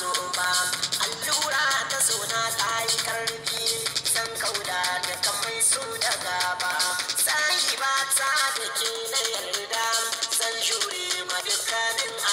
so ba allura ta so na ta yi karfi san kauda da kamar su da gaba sai ba ta da ke na yarda san jure ma dukkanin